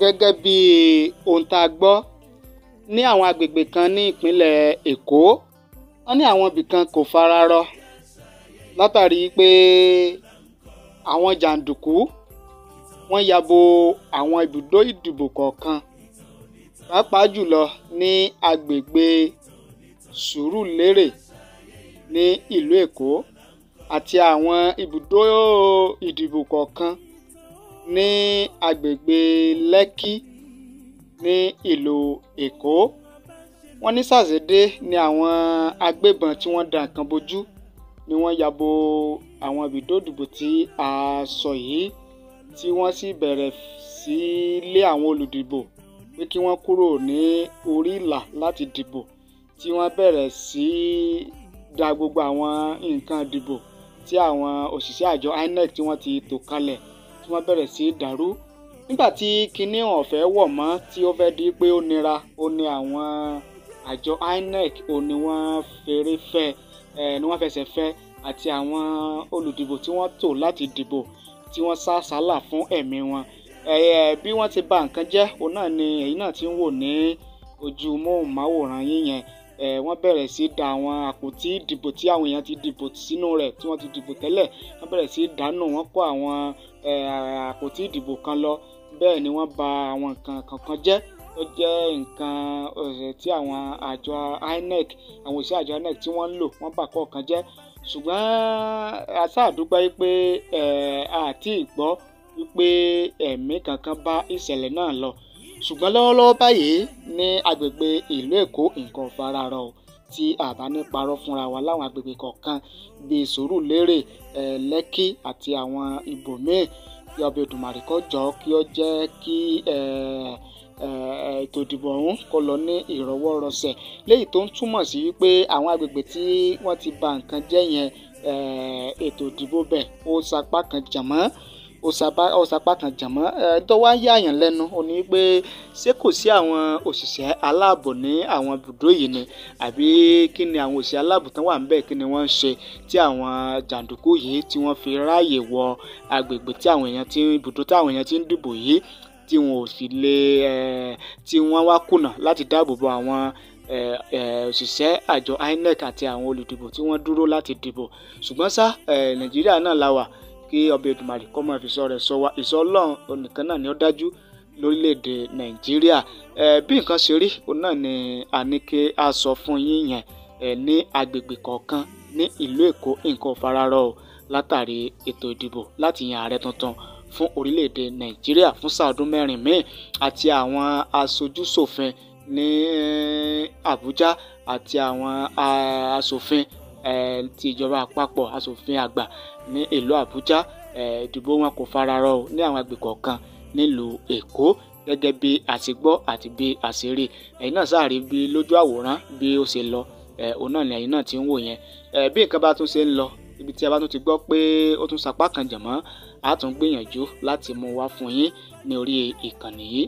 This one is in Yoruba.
Gẹ́gẹ́ bí ohun tá a gbọ́ ní àwọn agbègbè kan ní ìpínlẹ̀ Èkó, wọ́n ní àwọn ibìkan kò fara rọ látàrí pé àwọn jàǹdùkú wọ́n ya bo àwọn ibùdó ìdìbò kọ̀ọ̀kan pàápàá jùlọ ní agbègbè Sùúrùlérè ní ìlú Èkó àti àwọn ibùdó ìdìbò kọ̀ọ̀kan ní agbègbè Lẹ́kí ní ìlú Èkó wọ́n ní sàṣédé ni àwọn agbébọn tí wọ́n da nǹkan bojú ni wọ́n ya bo àwọn ibùdó ìdìbò tí a sọ yìí tí wọ́n sì bẹ̀rẹ̀ sí lé àwọn olùdìbò pé kí wọ́n kúrò ní orí ìlà láti dìbò tí wọ́n bẹ̀rẹ̀ sí da gbogbo àwọn nǹkan ìdìbò tí àwọn òṣìṣẹ́ àjọ INEC tí wọ́n ti tò kalẹ̀ tí wọ́n bẹ̀rẹ̀ sí í dàrú nígbà tí kinní ọ̀fẹ́ wọ̀ mọ́ tí ó fẹ́ di pé ó nira ó ní àwọn àjọ INEC ò ní wọ́n fèrè fẹ́ ẹ̀ ni wọ́n fẹsẹ̀ fẹ́ àti àwọn olùdìbò tí wọ́n tò láti dìbò tí wọ́n sá sálà fún ẹ̀mí wọn ẹ̀ẹ́ bí wọ́n ti bà nǹkan jẹ́ òun náà ni èyí náà ti ń wò ní ojú móhùnmáwòrán yín yẹn ẹ̀ wọ́n bẹ̀rẹ̀ sí da àwọn àpótí ìdìbò tí àwọn èèyàn ti dìbò sínú rẹ̀ tí wọ́n ti dìbò tẹ́lẹ̀ wọ́n bẹ̀rẹ̀ sí dànù wọ́n kó àwọn àpótí ìdìbò kan lọ bẹ́ẹ̀ ni wọ́n ba àwọn nǹkan kankan jẹ́ ó jẹ́ nǹkan tí àwọn àjọ INEC àwọn òṣìṣẹ́ àjọ INEC tí wọ́n ń lò wọ́n bà kọ̀ọ̀kan jẹ́ ṣùgbọ́n aṣáàdúgbà yìí pé àti ìgbọ́ wípé ẹ̀mí kankan bá ìṣẹ̀lẹ̀ náà lọ ṣùgbọ́n lọ́wọ́lọ́wọ́ báyìí ní agbègbè ìlú Èkó nǹkan fararọ o tí àbá ní parọ́ fúnra wa láwọn agbègbè kọ̀ọ̀kan bíi Sùúrùlérè Lẹ́kì àti àwọn ibòmíì yọbi Òdùmarè kó jọ kí ó jẹ́ kí eh, eh, ètò ìdìbò ọ̀hún kó lọ ní ìrọwọ́rọsẹ̀ léyìí tó ń túmọ̀ sí wípé àwọn agbègbè tí wọ́n ti bà nǹkan jẹ́ yẹn eh, ètò ìdìbò bẹ̀ ó sapá kan jàmọ́ ọ̀sàpá kan jàmọ́ tó wá ń yààyàn lẹ́nu ó ní pé ṣé kò sí àwọn òṣìṣẹ́ aláàbò ní àwọn ibùdó yìí ni àbí kí ni àwọn òṣìṣẹ́ aláàbò tán wà níbẹ̀ kí ni wọ́n ń ṣe tí àwọn jàǹdùkú yìí tí wọ́n fi ráàyè wọ agbègbè tí àwọn èèyàn ti ibùdó táwọn èèyàn ti ń dìbò yìí tí wọn ò sì lè tí wọ́n wá kùnà láti dáàbò bo àwọn òṣìṣẹ́ àjọ INEC àti àwọn olùdìbò tí wọ́n dúró láti dìbò ṣùgbọ́n ṣá Nàìjíríà náà la wà kí ọba Èdùmàrè kọ́ máa fi rẹ̀ sọ wa ìsọ ọlọ́run onìkan náà ni ó dájú lórílẹ̀‐èdè nàìjíríà bí nǹkan ṣe rí òun náà ni àníkè a sọ fún yín yẹn ní agbègbè kọ̀ọ̀kan ní ìlú èkó nǹkan fararọ o látàrí ètò ìdìbò láti yan ààrẹ tuntun fún orílẹ̀-èdè nàìjíríà fún sàdún mẹ́rin míì àti àwọn aṣojúṣòfin ní àbújá àti àwọn aṣòfin ti ìjọba àpapọ̀ asòfin àgbà ní ìlú Àbújá ìdìbò wọn kò fararọ o ní àwọn agbègbè kọ̀ọ̀kan nílùú Èkó gẹ́gẹ́ bí a ti gbọ́ àti bí a ti rí ẹ̀yin náà sáà rí bí lójú àwòrán bí ó ṣe lọ òun náà ni ẹ̀yin náà ti ń wò yẹn bí nǹkan bá tún ṣe ń lọ ibi tí a bá tún ti gbọ́ pé ó tún sapá kan jàmọ́ a tún gbìyànjú láti mú wá fún yín ní orí ìkànnì yìí